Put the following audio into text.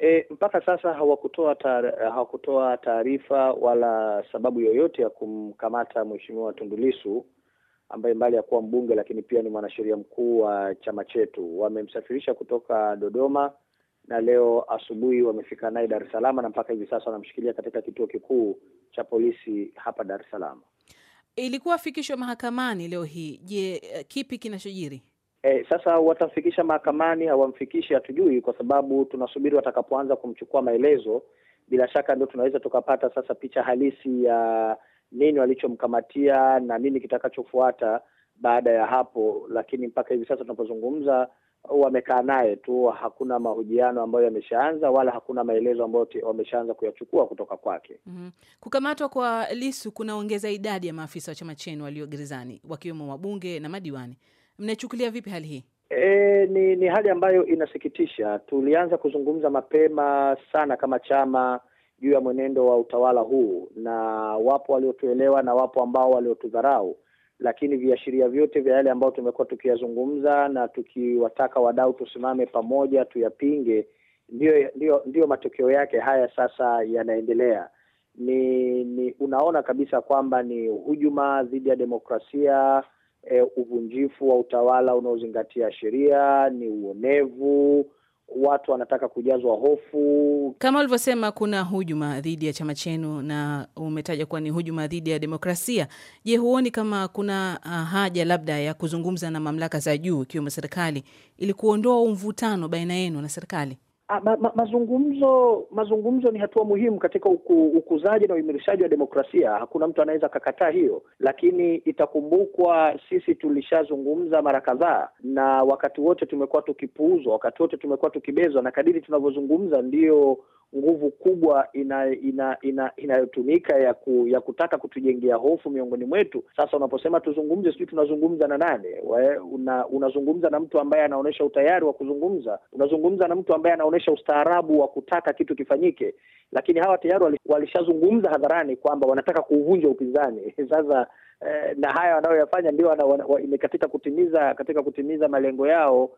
E, mpaka sasa hawakutoa hawakutoa taarifa wala sababu yoyote ya kumkamata Mheshimiwa Tundu Lissu ambaye mbali ya kuwa mbunge lakini pia ni mwanasheria mkuu wa chama chetu. Wamemsafirisha kutoka Dodoma na leo asubuhi wamefika naye Dar es Salaam na mpaka hivi sasa wanamshikilia katika kituo kikuu cha polisi hapa Dar es Salaam. Ilikuwa afikishwe mahakamani leo hii. Je, kipi kinachojiri? E, sasa watamfikisha mahakamani, hawamfikishi hatujui, kwa sababu tunasubiri watakapoanza kumchukua maelezo. Bila shaka ndio tunaweza tukapata sasa picha halisi ya nini walichomkamatia na nini kitakachofuata baada ya hapo, lakini mpaka hivi sasa tunapozungumza wamekaa naye tu, hakuna mahojiano ambayo yameshaanza wala hakuna maelezo ambayo wameshaanza kuyachukua kutoka kwake. mm -hmm. Kukamatwa kwa Lisu kunaongeza idadi ya maafisa wa chama chenu walio gerezani wakiwemo wabunge na madiwani mnachukulia vipi hali hii? E, ni, ni hali ambayo inasikitisha. Tulianza kuzungumza mapema sana kama chama juu ya mwenendo wa utawala huu, na wapo waliotuelewa na wapo ambao waliotudharau, lakini viashiria vyote vya yale ambayo tumekuwa tukiyazungumza na tukiwataka wadau tusimame pamoja tuyapinge, ndiyo, ndiyo, ndiyo matokeo yake haya sasa yanaendelea. Ni, ni unaona kabisa kwamba ni hujuma dhidi ya demokrasia e, uvunjifu wa utawala unaozingatia sheria, ni uonevu watu wanataka kujazwa hofu. Kama ulivyosema, kuna hujuma dhidi ya chama chenu na umetaja kuwa ni hujuma dhidi ya demokrasia. Je, huoni kama kuna haja labda ya kuzungumza na mamlaka za juu ikiwemo serikali ili kuondoa umvutano baina yenu na serikali? Ah, ma, ma, mazungumzo mazungumzo ni hatua muhimu katika uku, ukuzaji na uimirishaji wa demokrasia. Hakuna mtu anaweza akakataa hiyo, lakini itakumbukwa sisi tulishazungumza mara kadhaa, na wakati wote tumekuwa tukipuuzwa, wakati wote tumekuwa tukibezwa, na kadiri tunavyozungumza ndio nguvu kubwa inayotumika ina, ina, ina ya, ku, ya kutaka kutujengea hofu miongoni mwetu. Sasa unaposema tuzungumze, sijui tunazungumza na nane? Una, unazungumza na mtu ambaye anaonyesha utayari wa kuzungumza, unazungumza na mtu ambaye anaonyesha ustaarabu wa kutaka kitu kifanyike, lakini hawa tayari walishazungumza hadharani kwamba wanataka kuuvunja upinzani sasa eh, na haya wanayoyafanya ndio katika kutimiza katika kutimiza malengo yao